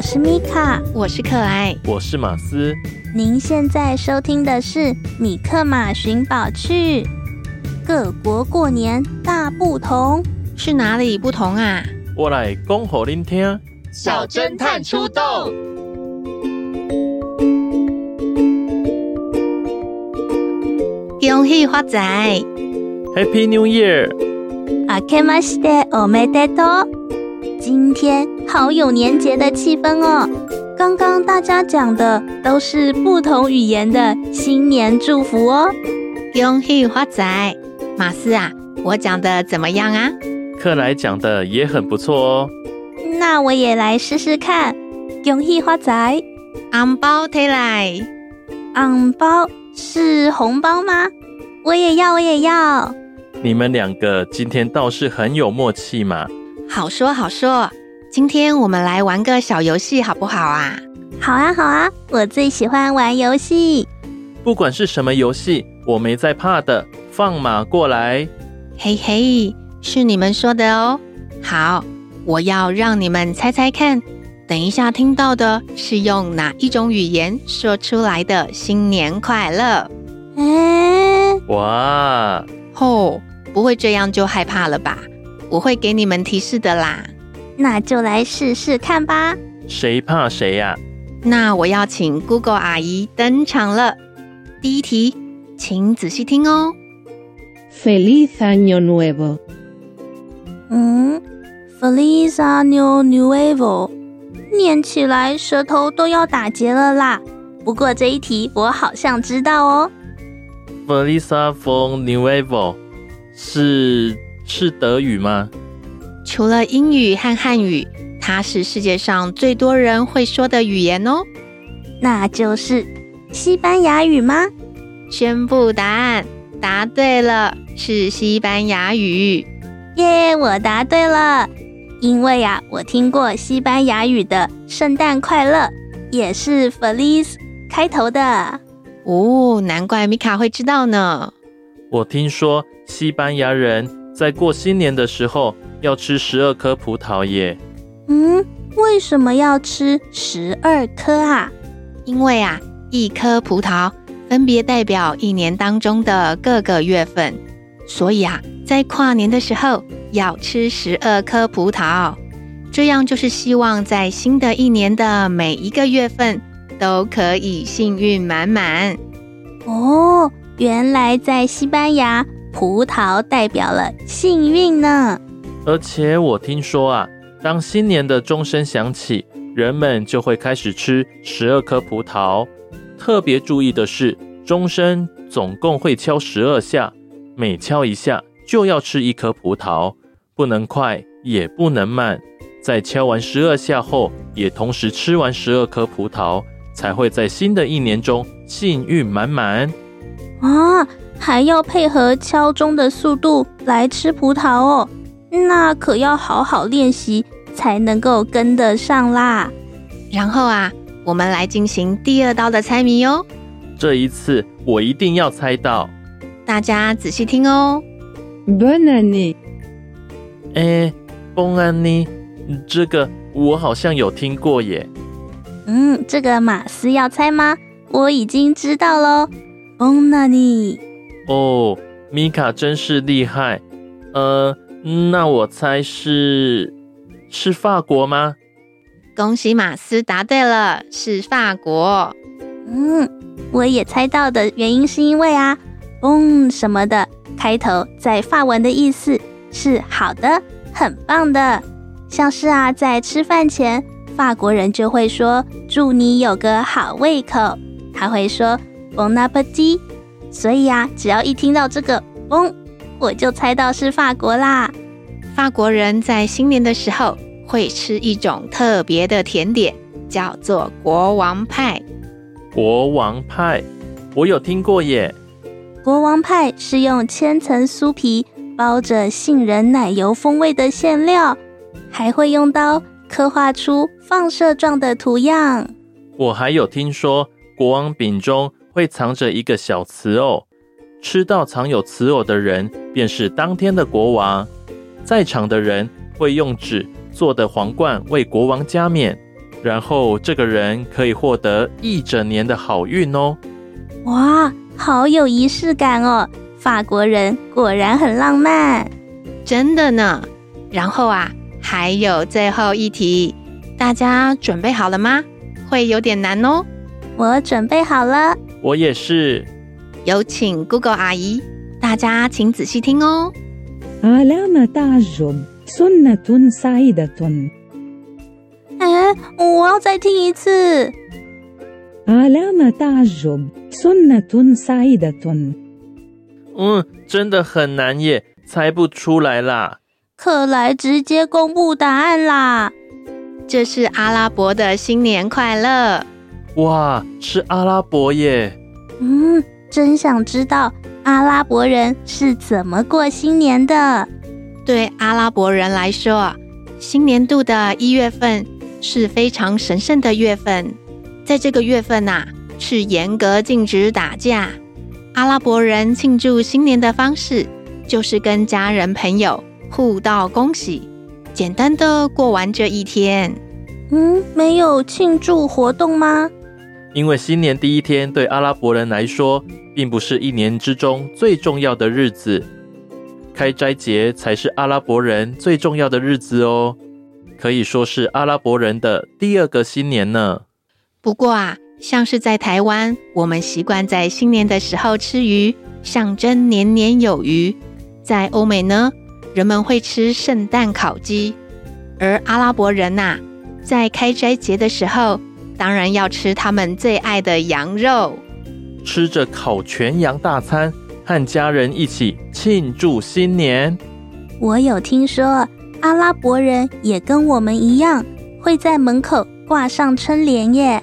我是米卡，我是克萊，我是馬斯。您現在收聽的是《米克馬尋寶趣》，各國過年大不同，是哪裡不同啊？我來講給您聽。小偵探出動，恭喜發財！Happy New Year！あけましておめでとう。今天好有年節的氣氛哦！剛剛大家講的都是不同語言的新年祝福哦。恭喜發財，馬斯啊，我講的怎麼樣啊？克萊講的也很不錯哦。那我也來試試看。恭喜發財，紅包拿來，紅包是紅包嗎？我也要，我也要。你們兩個今天倒是很有默契嘛。好說好說，今天我們來玩個小遊戲，好不好啊？好啊好啊，我最喜歡玩遊戲。不管是什麼遊戲，我沒在怕的，放馬過來。嘿嘿，是你們說的哦。好，我要讓你們猜猜看，等一下聽到的是用哪一種語言說出來的新年快樂？嗯，哇，吼，不會這樣就害怕了吧？我會給你們提示的啦，那就來試試看吧。誰怕誰呀，啊？那我要請 Google 阿姨登場了。第一題，請仔細聽哦。Feliz Año Nuevo。嗯。嗯，Feliz Año Nuevo，念起來舌頭都要打結了啦。不過這一題我好像知道哦。Feliz Año Nuevo 是。是德語嗎？除了英語和漢語，它是世界上最多人會說的語言哦。那就是西班牙語嗎？宣佈答案，答對了，是西班牙語。耶，yeah, 我答對了，因為啊，我聽過西班牙語的“聖誕快樂”，也是 Feliz 開頭的。哦，難怪米卡會知道呢。我聽說西班牙人。在過新年的時候要吃十二顆葡萄耶。嗯，為什麼要吃十二顆啊？因為啊，一顆葡萄分別代表一年當中的各個月份，所以啊，在跨年的時候要吃十二顆葡萄，這樣就是希望在新的一年的每一個月份都可以幸運滿滿哦。原來在西班牙。葡萄代表了幸運呢，而且我聽說啊，當新年的鐘聲響起，人們就會開始吃十二顆葡萄。特別注意的是，鐘聲總共會敲十二下，每敲一下就要吃一顆葡萄，不能快也不能慢。在敲完十二下後，也同時吃完十二顆葡萄，才會在新的一年中幸運滿滿啊。哦。還要配合敲鐘的速度來吃葡萄哦，那可要好好練習才能夠跟得上啦。然後啊，我們來進行第二道的猜謎喲、哦。這一次我一定要猜到，大家仔細聽哦。Bonanni，哎，Bonanni，這個我好像有聽過耶。嗯，這個馬斯要猜嗎？我已經知道嘍。Bonanni。哦，米卡真是厲害。呃，那我猜是是法國嗎？恭喜馬斯答對了，是法國。嗯，我也猜到的原因是因為啊，bon 什麼的開頭在法文的意思是好的，很棒的。像是啊，在吃飯前，法國人就會說祝你有個好胃口，他會說 Bon appétit。所以啊，只要一聽到這個“翁”，我就猜到是法國啦。法國人在新年的時候會吃一種特別的甜點，叫做國王派。國王派，我有聽過耶。國王派是用千層酥皮包着杏仁奶油風味的餡料，還會用刀刻畫出放射狀的圖樣。我還有聽說，國王餅中，會藏着一個小瓷偶，吃到藏有瓷偶的人便是當天的國王。在場的人會用紙做的皇冠為國王加冕，然後這個人可以獲得一整年的好運哦。哇，好有儀式感哦！法國人果然很浪漫，真的呢。然後啊，還有最後一題，大家準備好了嗎？會有點難哦。我準備好了。我也是。有請 Google 阿姨，大家請仔細聽哦。阿拉馬達尊，尊納尊賽伊的尊。哎，我要再聽一次。阿拉馬塔吉布，尊納尊賽伊的尊。嗯，真的很難耶，猜不出來啦。克萊直接公布答案啦，這是阿拉伯的新年快樂。哇，是阿拉伯耶！嗯，真想知道阿拉伯人是怎麼過新年的。對阿拉伯人來說，新年度的一月份是非常神聖的月份，在這個月份吶、啊，是嚴格禁止打架。阿拉伯人慶祝新年的方式，就是跟家人朋友互道恭喜，簡單的過完這一天。嗯，沒有慶祝活動嗎？因為新年第一天對阿拉伯人來說，並不是一年之中最重要的日子，開齋節才是阿拉伯人最重要的日子哦，可以說是阿拉伯人的第二個新年呢。不過啊，像是在台灣，我們習慣在新年的時候吃魚，象徵年年有餘；在歐美呢，人們會吃聖誕烤雞，而阿拉伯人吶、啊，在開齋節的時候。當然要吃他們最愛的羊肉，吃着烤全羊大餐，和家人一起慶祝新年。我有聽說，阿拉伯人也跟我們一樣，會在門口掛上春聯耶。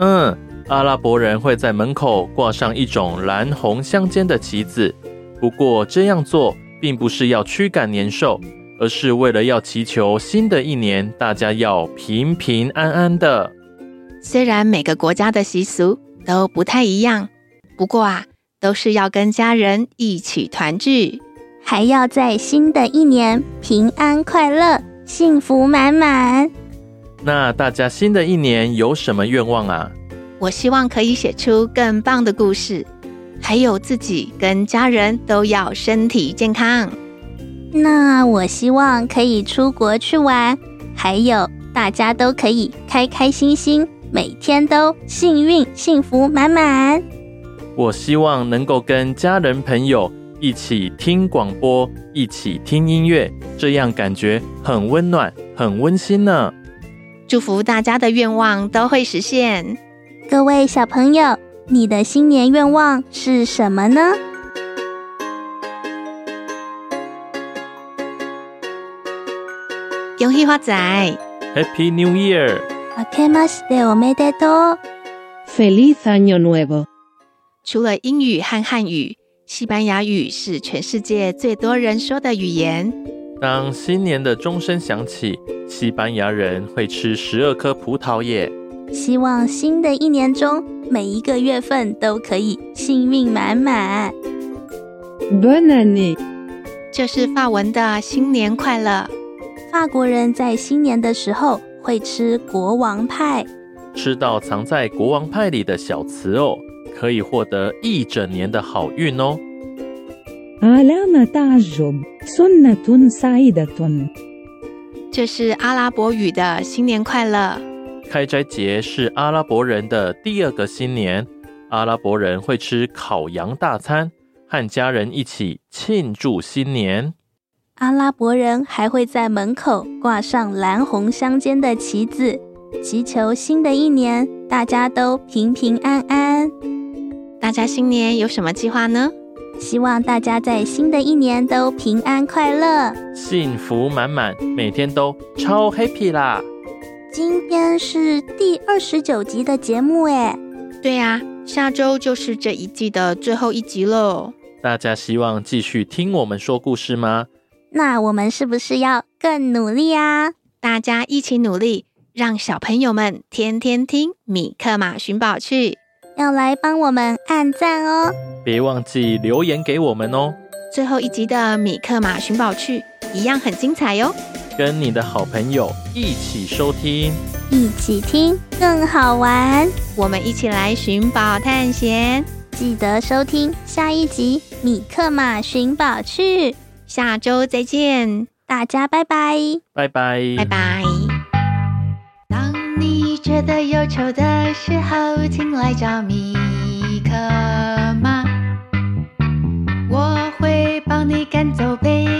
嗯，阿拉伯人會在門口掛上一種藍紅相間的旗子，不過這樣做並不是要驅趕年獸，而是為了要祈求新的一年，大家要平平安安的。雖然每個國家的習俗都不太一樣，不過啊，都是要跟家人一起團聚，還要在新的一年平安快樂、幸福滿滿。那大家新的一年有什麼願望啊？我希望可以寫出更棒的故事，還有自己跟家人都要身體健康。那我希望可以出國去玩，還有大家都可以開開心心。每天都幸運、幸福滿滿。我希望能夠跟家人、朋友一起聽廣播，一起聽音樂，這樣感覺很溫暖、很溫馨呢、啊。祝福大家的願望都會實現。各位小朋友，你的新年願望是什麼呢？恭喜發財！Happy New Year！Feliz Año Nuevo。 除了英語和漢語，西班牙語是全世界最多人說的語言。當新年的鐘聲響起，西班牙人會吃十二顆葡萄葉，希望新的一年中每一個月份都可以幸運滿滿。Bon année，就是法文的新年快樂。 樂法國人在新年的時候。會吃國王派，吃到藏在國王派裡的小瓷偶，哦，可以獲得一整年的好運哦。這是阿拉伯語的新年快樂。開齋節是阿拉伯人的第二個新年，阿拉伯人會吃烤羊大餐，和家人一起慶祝新年。阿拉伯人還會在門口掛上藍紅相間的旗子，祈求新的一年大家都平平安安。大家新年有什麼計劃呢？希望大家在新的一年都平安快樂，幸福滿滿，每天都超 happy 啦！今天是第二十九集的節目，誒，對呀、啊，下周就是這一季的最後一集了。大家希望繼續聽我們說故事嗎？那我們是不是要更努力啊？大家一起努力，讓小朋友們天天聽《米克馬尋寶去》，要來幫我們按讚哦！別忘記留言給我們哦！最後一集的《米克馬尋寶去》一樣很精彩喲、哦！跟你的好朋友一起收聽，一起聽更好玩。我們一起來尋寶探險，記得收聽下一集《米克馬尋寶去》。下週再見，大家拜拜，拜拜 bye，拜拜 bye。當你覺得憂愁的時候，請來找米克馬，我會幫你趕走悲。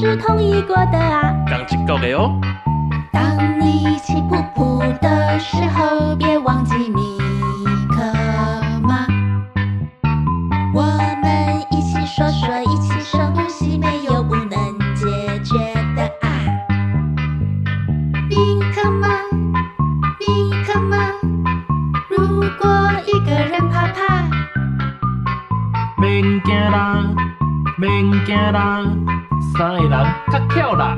是同意過的啊。剛出國的哦。當你氣噗噗的時候，別忘記米克馬。 我們一起說說，一起深呼吸，沒有不能解決的啊。米克馬，米克馬，如果一個人怕怕，別驚啦，別驚啦。三個人他跳了。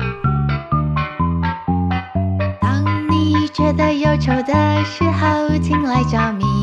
當你覺得憂愁的時候，請來找我。